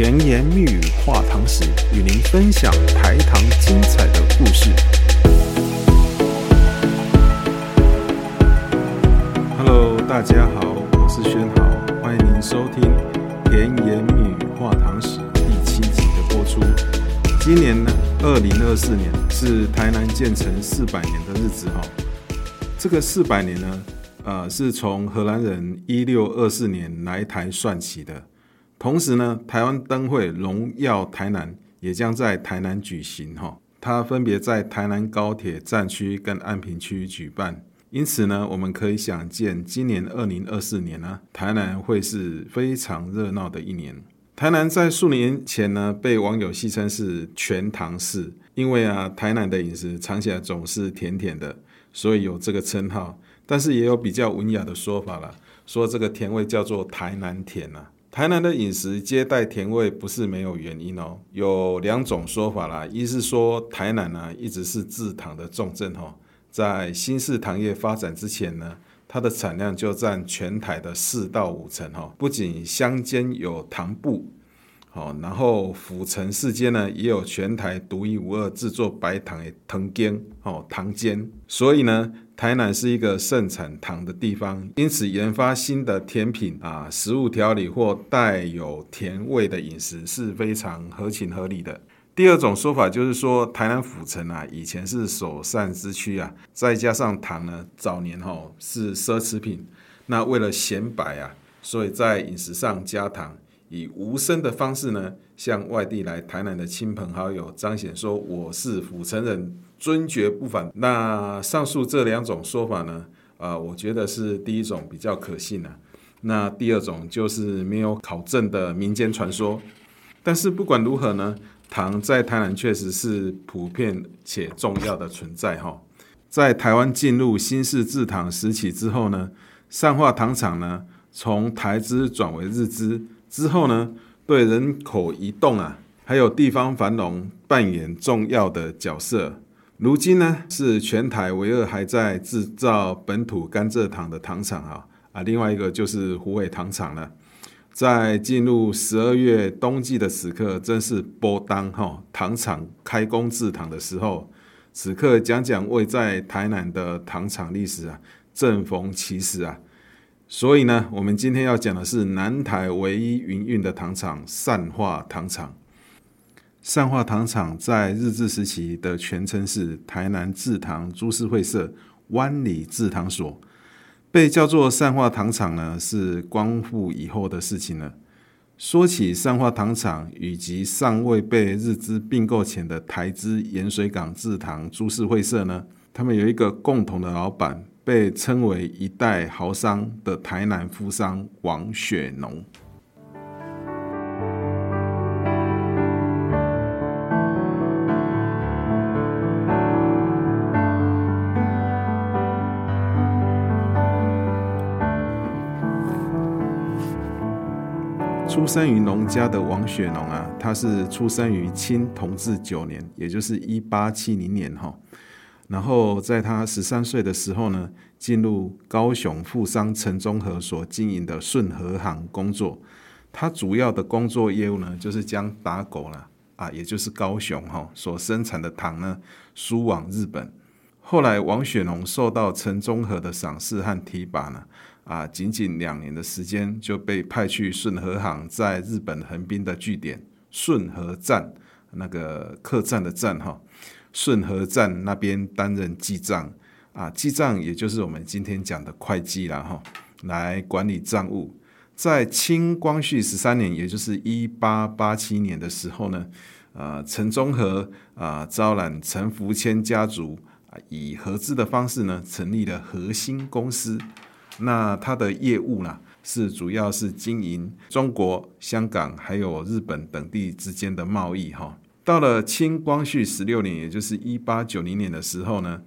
甜言蜜語話糖史，與您分享台糖精彩的故事。Hello，大家好，我是軒豪，歡迎您收聽《甜言蜜語話糖史》第七集的播出。今年呢，二零二四年是台南建成四百年的日子哈、哦。這個四百年呢，呃，是從荷蘭人一六二四年來台算起的。同時呢，臺灣燈會榮耀台南也將在台南舉行哈，它分別在台南高鐵站區跟安平區舉辦。因此呢，我們可以想見，今年二零二四年呢，啊，台南會是非常熱鬧的一年。台南在數年前呢，被網友戲稱是“全糖市”，因為啊，台南的飲食嘗起來總是甜甜的，所以有這個稱號。但是也有比較文雅的說法了，說這個甜味叫做“台南甜”啊吶。台南的飲食皆帶甜味不是沒有原因哦，有兩種說法啦，一是說台南呢、啊、一直是制糖的重鎮哦，在新式糖業發展之前呢，它的產量就占全台的四到五成哦，不僅鄉間有糖廍，哦，然後府城市間呢也有全台獨一無二制作白糖的藤間哦，糖間，所以呢。台南是一個盛產糖的地方，因此研發新的甜品啊，食物調理或帶有甜味的飲食是非常合情合理的。第二種說法就是說，台南府城啊，以前是首善之區啊，再加上糖呢，早年哦是奢侈品，那為了顯擺啊，所以在飲食上加糖，以無聲的方式呢，向外地來台南的親朋好友彰顯說我是府城人。尊爵不凡。那上述這兩種說法呢？啊、呃，我覺得是第一種比較可信的，啊。那第二種就是沒有考證的民間傳說。但是不管如何呢，糖在台南確實是普遍且重要的存在哈、哦。在台灣進入新式製糖時期之後呢，善化糖廠呢從台資轉為日資之後呢，對人口移動啊，還有地方繁榮扮演重要的角色。如今呢，是全台唯二還在製造本土甘蔗糖的糖廠啊啊，另外一個就是虎尾糖廠了。在進入十二月冬季的時刻，正是廍動啊糖廠開工製糖的時候。此刻講講位在台南的糖廠歷史啊，正逢其時啊。所以呢，我們今天要講的是南台唯一營運的糖廠善化糖廠。善化糖廠在日治時期的全稱是台南制糖株式會社灣裡制糖所，被叫做善化糖廠呢，是光復以後的事情了。說起善化糖廠以及尚未被日資併購前的台資鹽水港制糖株式會社呢，他們有一個共同的老板，被稱為一代豪商的台南富商王雪農。生於農家的王雪農啊，他是出生於清同治九年，也就是一八七零年哈。然後在他十三歲的時候呢，進入高雄富商陳中和所經營的順和行工作。他主要的工作業務呢，就是將打狗啦啊，也就是高雄哈、哦、所生產的糖呢，輸往日本。後來王雪農受到陳中和的賞識和提拔呢。啊，僅僅兩年的時間就被派去順和行在日本橫濱的據點順和棧那個客棧的棧哈、哦，順和棧那邊擔任記賬啊，記賬也就是我們今天講的會計了哈、哦，來管理賬務。在清光緒十三年，也就是一八八七年的時候呢，啊、呃，陳中和啊、呃，招攬陳福謙家族啊，以合資的方式呢，成立了和興公司。那它的業務呢，是主要是經營中國、香港還有日本等地之間的貿易。哈，到了清光緒十六年，也就是一八九零年的時候呢，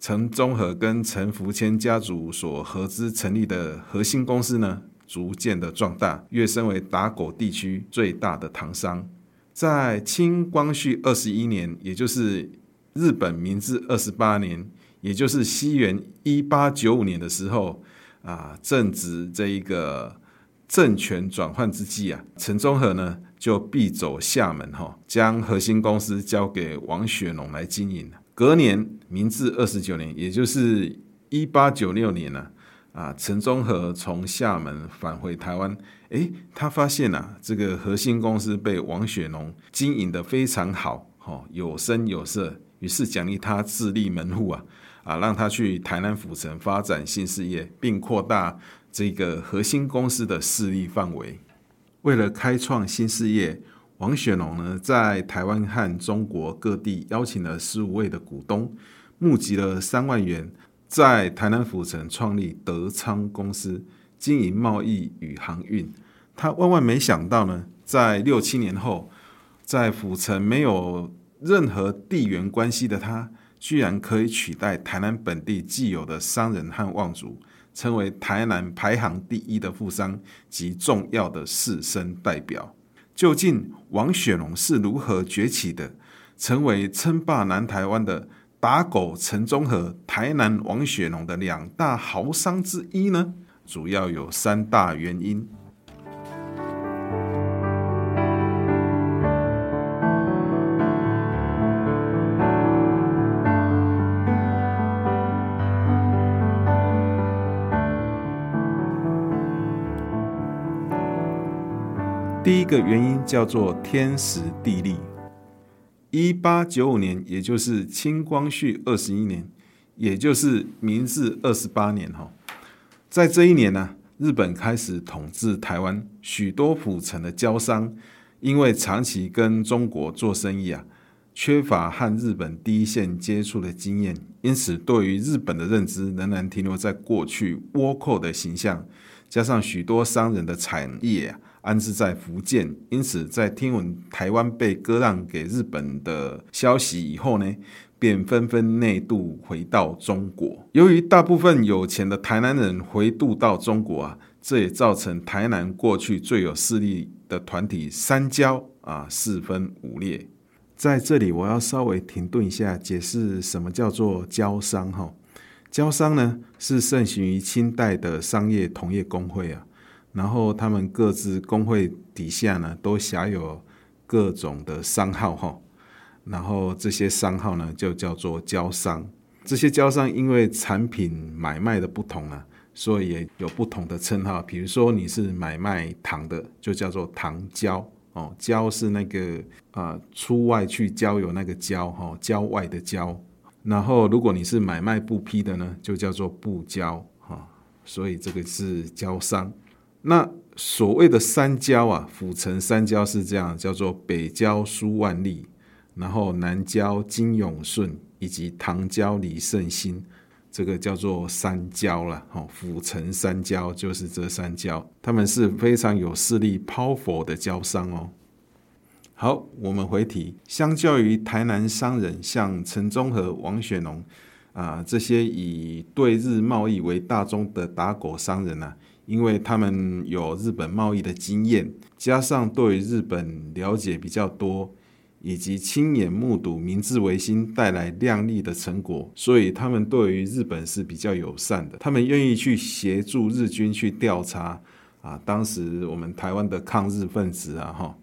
陳中和跟陳福謙家族所合資成立的核心公司呢，逐漸的壯大，躍升為打狗地區最大的糖商。在清光緒二十一年，也就是日本明治二十八年，也就是西元一八九五年的時候。啊，正值這一個政權轉換之際啊，陳中和呢就避走廈門哈、哦，將核心公司交給王雪農來經營。隔年，明治二十九年，也就是一八九六年啊，陳、啊、中和從廈門返回台灣，誒他發現啊，這個核心公司被王雪農經營得非常好，哈、哦，有聲有色，於是獎勵他自立門戶啊。啊，讓他去台南府城發展新事業，並擴大這個核心公司的勢力範圍。為了開創新事業，王雪農呢在台灣和中國各地邀請了十五位的股東，募集了三萬元，在台南府城創立德昌公司，經營貿易與航運。他萬萬沒想到呢，在六七年後，在府城沒有任何地緣關係的他。居然可以取代台南本地既有的商人和望族，成為台南排行第一的富商及重要的士紳代表。究竟王雪農是如何崛起的，成為稱霸南台灣的打狗陳中和、台南王雪農的兩大豪商之一呢？主要有三大原因。一個原因叫做天時地利。一八九五年，也就是清光緒二十一年，也就是明治二十八年，哈，在這一年呢、啊，日本開始統治台灣。許多府城的郊商，因為長期跟中國做生意啊，缺乏和日本第一線接觸的經驗，因此對於日本的認知仍然停留在過去倭寇的形象。加上許多商人的產業，啊安置在福建，因此在聽聞台灣被割讓給日本的消息以後呢，便紛紛內渡回到中國。由於大部分有錢的台南人回渡到中國啊，這也造成台南過去最有勢力的團體三郊啊四分五裂。在這裡，我要稍微停頓一下，解釋什麼叫做郊商哈、哦？郊商呢，是盛行於清代的商業同業公會啊。然後他們各自工會底下呢，都轄有各種的商號哈。然後這些商號呢，就叫做交商。這些交商因為產品買賣的不同啊，所以也有不同的稱號。比如說你是買賣糖的，就叫做糖交哦。交是那個啊、呃、出外去交友那個交哈，哦、郊外的郊。然後如果你是買賣布匹的呢，就叫做布交哈。所以這個是交商。那所謂的三郊啊，府城三郊是這樣，叫做北郊蘇萬利，然後南郊金永順，以及糖郊李勝興，這個叫做三郊啦。哦，府城三郊就是這三郊，他們是非常有勢力 powerful 的郊商哦。好，我們回題，相較於台南商人，像陳中和、王雪農啊這些以對日貿易為大宗的打狗商人啊。因為他們有日本貿易的經驗，加上對日本了解比較多，以及親眼目睹明治維新帶來亮麗的成果，所以他們對於日本是比較友善的。他們願意去協助日軍去調查啊，當時我們台灣的抗日分子啊，哈。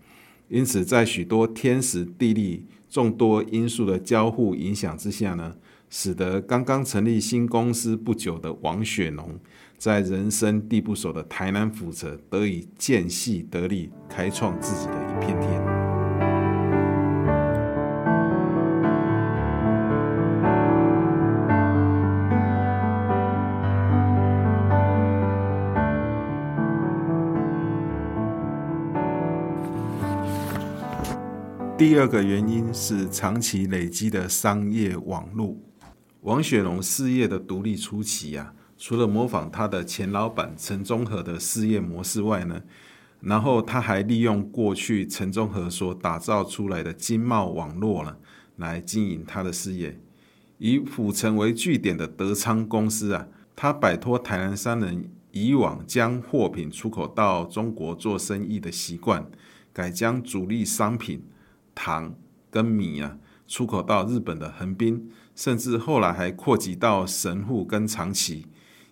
因此，在許多天時地利眾多因素的交互影響之下呢，使得剛剛成立新公司不久的王雪農。在人生地不熟的台南府城，得以間隙得力，開創自己的一片天。第二個原因是長期累積的商業網絡。王雪農事業的獨立初期呀、啊。除了模仿他的前老闆陳中和的事業模式外呢，然後他還利用過去陳中和所打造出來的經貿網絡呢，來經營他的事業。以府城為據點的德昌公司啊，他擺脫台南商人以往將貨品出口到中國做生意的習慣，改將主力商品糖跟米啊，出口到日本的橫濱，甚至後來還擴及到神戶跟長崎。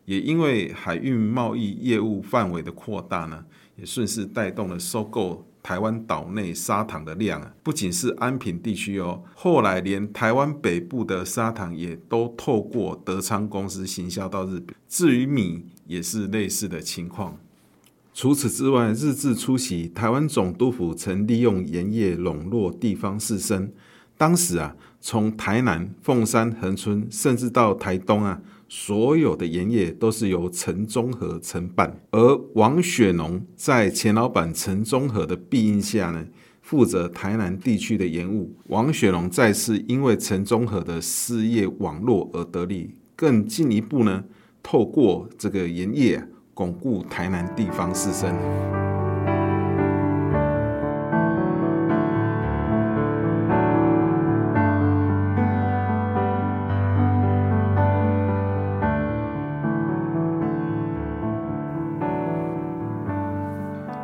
也因為海運貿易業務範圍的擴大呢，也順勢帶動了收購台灣島內砂糖的量啊，不僅是安平地區哦，後來連台灣北部的砂糖也都透過德昌公司行銷到日本。至於米也是類似的情況。除此之外，日治初期，台灣總督府曾利用鹽業籠絡地方士紳，當時啊，從台南、鳳山、恆春，甚至到台東啊。所有的鹽業都是由陳中和承辦，而王雪農在前老闆陳中和的庇蔭下呢，負責台南地區的鹽務。王雪農再次因為陳中和的事業網絡而得利，更進一步呢，透過這個鹽業啊、鞏固台南地方士紳。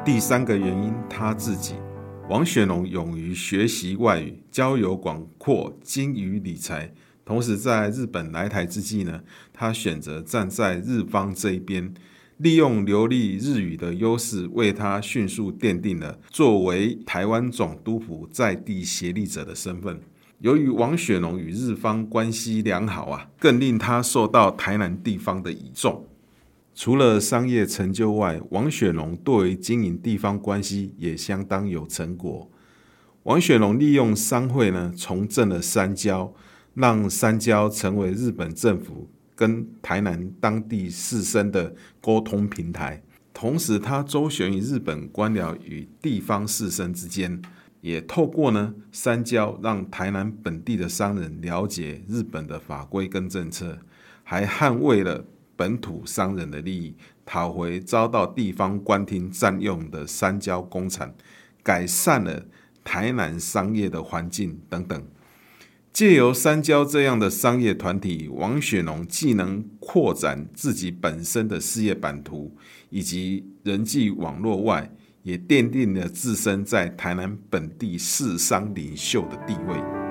第三個原因，他自己，王雪農勇於學習外語，交友廣闊，精於理財。同時，在日本來台之際呢，他選擇站在日方這一邊，利用流利日語的優勢，為他迅速奠定了作為台灣總督府在地協力者的身份。由於王雪農與日方關係良好啊，更令他受到台南地方的倚重。除了商業成就外，王雪農對於經營地方關係也相當有成果。王雪農利用商會呢，重振了三郊，讓三郊成為日本政府跟台南當地士紳的溝通平台。同時，他周旋於日本官僚與地方士紳之間，也透過呢三郊，讓台南本地的商人了解日本的法規跟政策，還捍衛了。本土商人的利益，討回遭到地方官廳占用的三郊公產，改善了台南商業的環境等等。借由三郊這樣的商業團體，王雪農既能擴展自己本身的事業版圖以及人際網絡外，也奠定了自身在台南本地士商領袖的地位。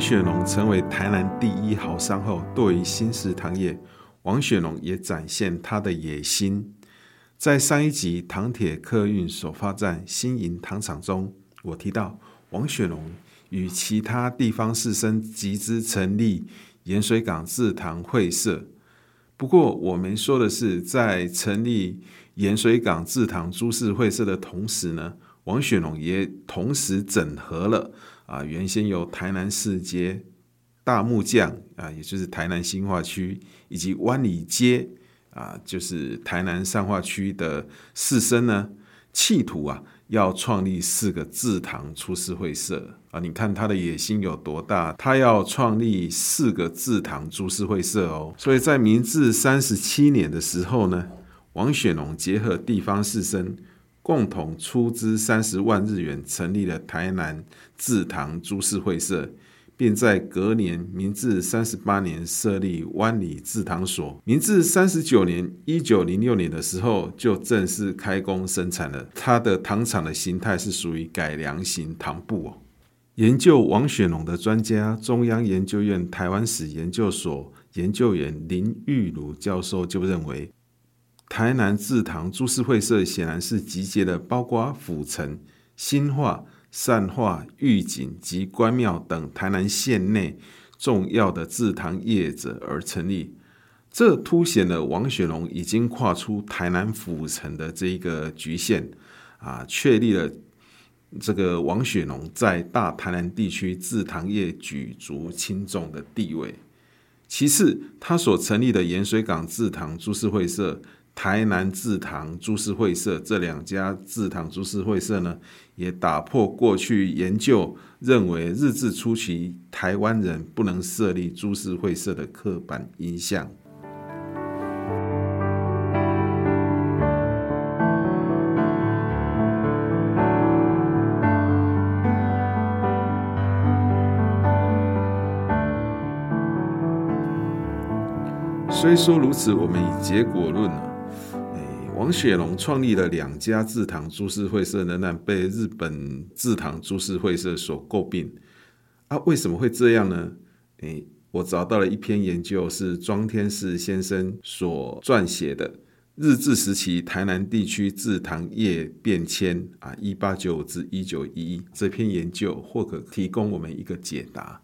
王雪農成為台南第一豪商後，對於新式糖業，王雪農也展現他的野心。在上一集糖鐵客運首發站新營糖廠中，我提到王雪農與其他地方士紳集資成立鹽水港製糖會社。不過，我們說的是在成立鹽水港製糖株式會社的同時呢，王雪農也同時整合了。啊，原先由台南市街大木匠啊，也就是台南新化區以及灣里街啊，就是台南善化區的士紳呢，企圖啊要創立四個製糖株式會社啊，你看他的野心有多大？他要創立四個製糖株式會社哦，所以在明治三十七年的時候呢，王雪農結合地方士紳。共同出資三十萬日元成立了台南制糖株式會社，並在隔年明治三十八年設立灣裡制糖所。明治三十九年（一九零六年）的時候，就正式開工生產了。它的糖廠的形態是屬於改良型糖廍哦。研究王雪農的專家、中央研究院台灣史研究所研究員林玉茹教授就認為。台南製糖株式會社顯然是集結了包括府城、新化、善化、玉井及關廟等台南縣內重要的製糖業者而成立，這凸顯了王雪農已經跨出台南府城的這一個局限啊，確立了這個王雪農在大台南地區製糖業舉足輕重的地位。其次，他所成立的鹽水港製糖株式會社。台南製糖株式會社，這兩家製糖株式會社呢，也打破過去研究認為日治初期台灣人不能設立株式會社的刻板印象。雖說如此，我們以結果論。王雪農創立了兩家製糖株式會社呢，仍然被日本製糖株式會社所購併。啊，為什麼會這樣呢？誒我找到了一篇研究，是莊天士先生所撰寫的《日治時期台南地區製糖業變遷》啊，一八九五至一九一一。這篇研究或可提供我們一個解答。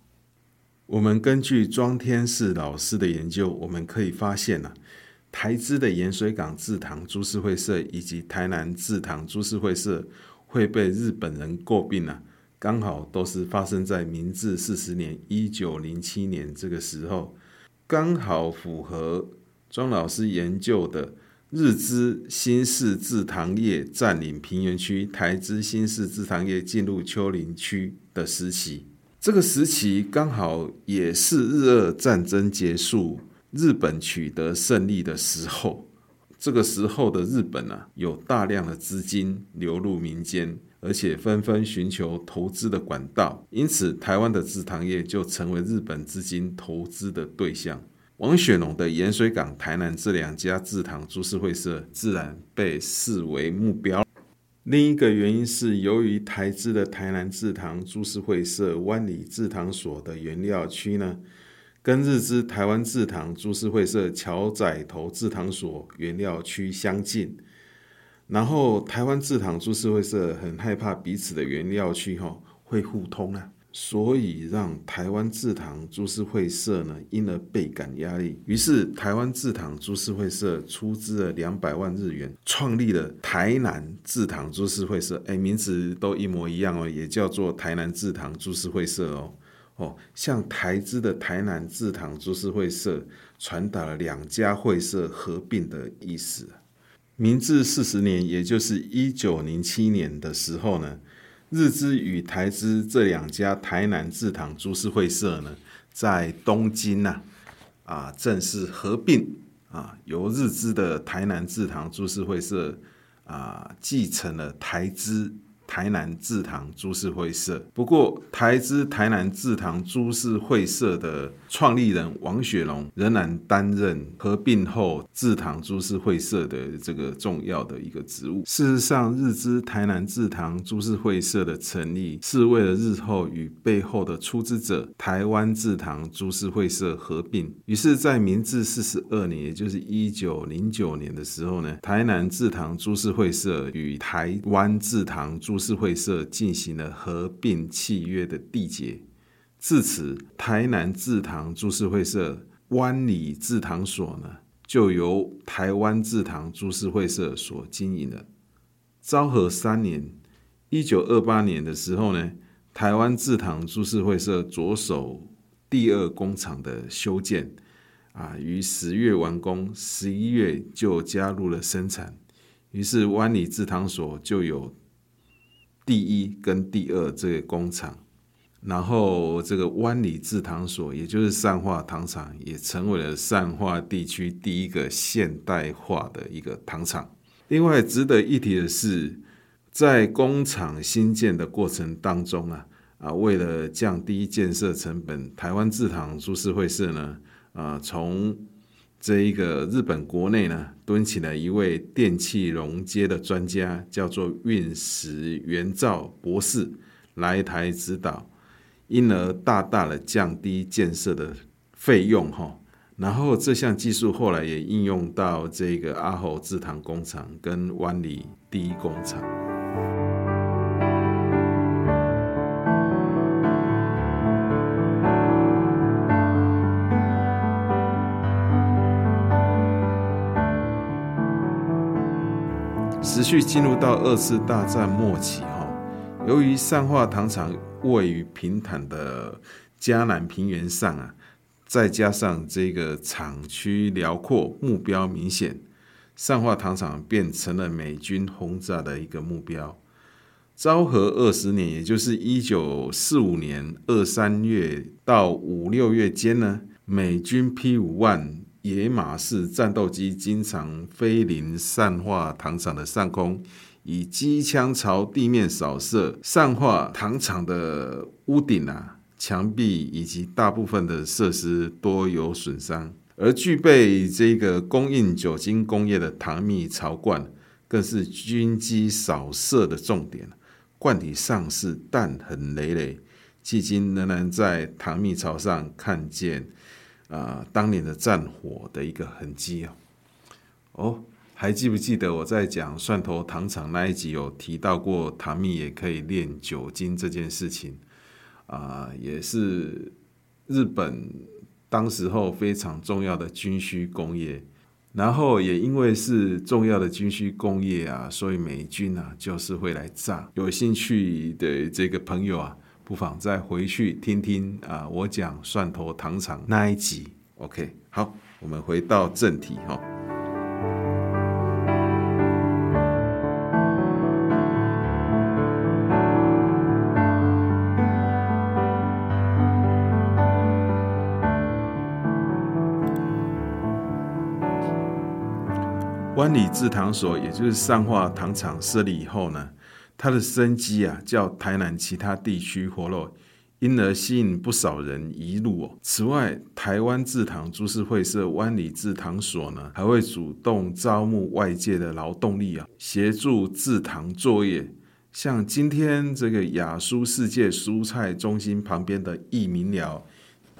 我們根據莊天士老師的研究，我們可以發現呢、啊。台資的鹽水港制糖株式會社以及台南制糖株式會社會被日本人購併了。啊，剛好都是發生在明治四十年（一九零七年）這個時候，剛好符合莊老師研究的日資新式制糖業占領平原區、台資新式制糖業進入丘陵區的時期。這個時期剛好也是日俄戰爭結束。日本取得勝利的時候，這個時候的日本呢、啊，有大量的資金流入民間，而且紛紛尋求投資的管道，因此台灣的制糖業就成為日本資金投資的對象。王雪農的鹽水港、台南這兩家制糖株式會社自然被視為目標。另一個原因是，由於台資的台南制糖株式會社、灣裡制糖所的原料區呢。跟日資台灣製糖株式會社橋仔頭製糖所原料區相近，然後台灣製糖株式會社很害怕彼此的原料區吼會互通啊，所以讓台灣製糖株式會社呢因而倍感壓力。於是台灣製糖株式會社出資了兩百萬日元，創立了台南製糖株式會社，哎，名字都一模一樣哦，也叫做台南製糖株式會社哦。哦，向台資的台南製糖株式會社傳達了兩家會社合併的意思。明治四十年，也就是一九零七年的時候呢，日資與台資這兩家台南製糖株式會社呢，在東京吶，啊，啊，正式合併啊，由日資的台南製糖株式會社啊，繼承了台資。台南製糖株式會社，不過台資台南製糖株式會社的創立人王雪農仍然擔任合併後製糖株式會社的這個重要的一個職務。事實上，日資台南製糖株式會社的成立是為了日後與背後的出資者台灣製糖株式會社合併。於是，在明治四十二年，也就是一九零九年的時候呢，台南製糖株式會社與台灣製糖株。株式會社進行了合併契約的締結，至此台南製糖株式會社灣裡製糖所呢，就由台灣製糖株式會社所經營了。昭和三年（一九二八年）的時候呢，台灣製糖株式會社着手第二工廠的修建，啊，於十月完工，十一月就加入了生產，於是灣裡制糖所就有。第一跟第二這個工廠，然後這個灣裡製糖所，也就是善化糖廠，也成為了善化地區第一個現代化的一個糖廠。另外值得一提的是，在工廠新建的過程當中啊啊，為了降低建設成本，台灣製糖株式會社呢啊從。這一個日本國內呢，蹲起了一位電氣熔接的專家，叫做運石原造博士來台指導，因而大大的降低建設的費用哈。然後這項技術後來也應用到這個阿猴製糖工廠跟灣裡第一工廠。持續進入到二次大戰末期吼，由於善化糖廠位於平坦的嘉南平原上啊，再加上這個廠區遼闊，目標明顯，善化糖廠變成了美軍轟炸的一個目標。昭和二十年，也就是一九四五年二三月到五六月間呢，美軍 P-51。野馬式戰鬥機經常飛臨善化糖廠的上空，以機槍朝地面掃射。善化糖廠的屋頂啊、牆壁以及大部分的設施多有損傷，而具備這個供應酒精工業的糖蜜槽罐，更是軍機掃射的重點。罐體上是彈痕累累，至今仍然在糖蜜槽上看見。啊、呃，當年的戰火的一個痕跡、啊、哦，還記不記得我在講蒜頭糖廠那一集有提到過糖蜜也可以煉酒精這件事情啊、呃，也是日本當時候非常重要的軍需工業，然後也因為是重要的軍需工業啊，所以美軍啊就是會來炸。有興趣的這個朋友啊，不妨再回去聽聽啊、呃，我講蒜頭糖廠那一集。OK，好，我們回到正題哈。灣里製糖所，也就是善化糖廠設立以後呢，它的生機啊，較台南其他地區活絡，因而吸引不少人移入。此外，台灣製糖株式會社灣裡製糖所呢，還會主動招募外界的勞動力啊，協助製糖作業。像今天這個亞蔬世界蔬菜中心旁邊的移民寮，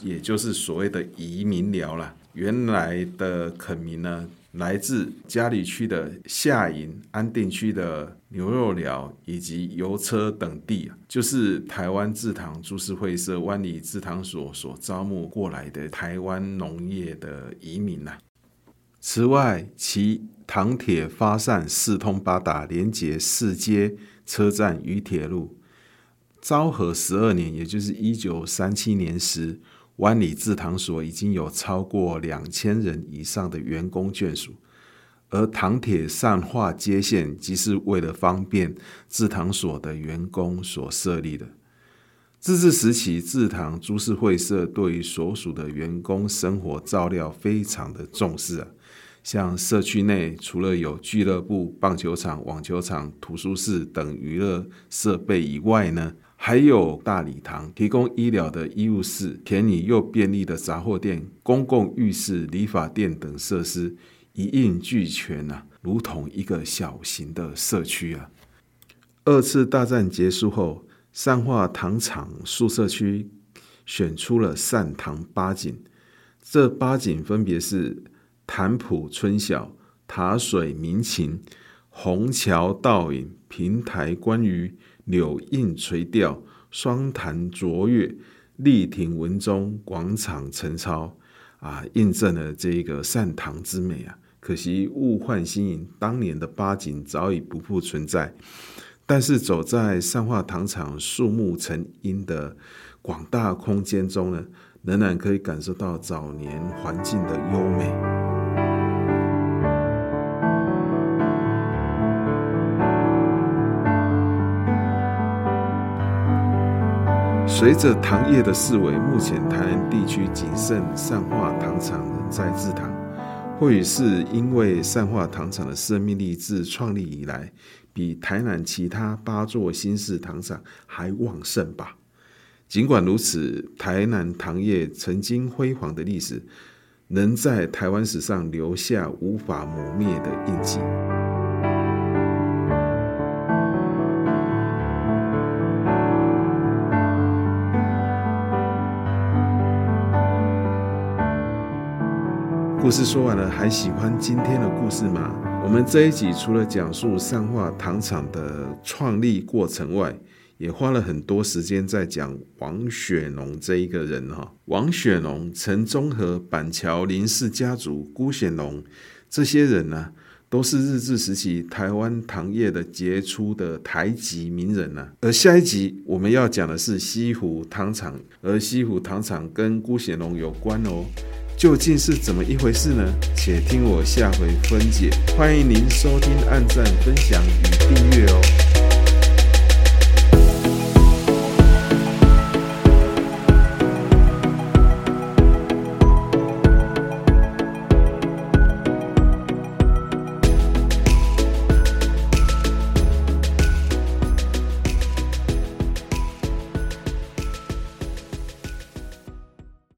也就是所謂的移民寮啦，原來的墾民呢？來自佳里區的下營、安定區的牛肉寮以及油車等地，就是台灣製糖株式會社灣裡制糖所所招募過來的台灣農業的移民吶、啊。此外，其糖鐵發散四通八達，連接四街車站與鐵路。昭和十二年，也就是一九三七年時。灣裡製糖所已經有超過兩千人以上的員工眷屬，而糖鐵善化接線，即是為了方便製糖所的員工所設立的。自治時期，製糖株式會社對於所屬的員工生活照料非常的重視啊。像社區內，除了有俱樂部、棒球場、網球場、圖書室等娛樂設備以外呢，還有大禮堂、提供醫療的醫務室、便宜又便利的雜貨店、公共浴室、理髮店等設施一應俱全吶、啊，如同一個小型的社區啊。二次大戰結束後，善化糖廠宿舍區選出了善糖八景，這八景分別是潭埔春曉、塔水民情、虹橋倒影、平台觀魚。柳蔭垂釣，雙潭濯月，麗亭聞鐘，廣場晨操，啊，印證了這個善糖之美啊！可惜物換星移，當年的八景早已不復存在。但是走在善化糖廠樹木成蔭的廣大空間中呢，仍然可以感受到早年環境的優美。隨着糖業的式微，目前台南地區僅剩善化糖廠仍在製糖。或許是因為善化糖廠的生命力自創立以來，比台南其他八座新式糖廠還旺盛吧。儘管如此，台南糖業曾經輝煌的歷史，能在台灣史上留下無法磨滅的印記。故事說完了，還喜歡今天的故事嗎？我們這一集除了講述善化糖廠的創立過程外，也花了很多時間在講王雪農這一個人哈。王雪農、陳中和、板橋林氏家族、辜顯榮這些人呢、啊，都是日治時期台灣糖業的傑出的台籍名人、啊。而下一集我們要講的是西湖糖廠，而西湖糖廠跟辜顯榮有關哦。究竟是怎麼一回事呢？且聽我下回分解。歡迎您收聽、按讚、分享與訂閱哦。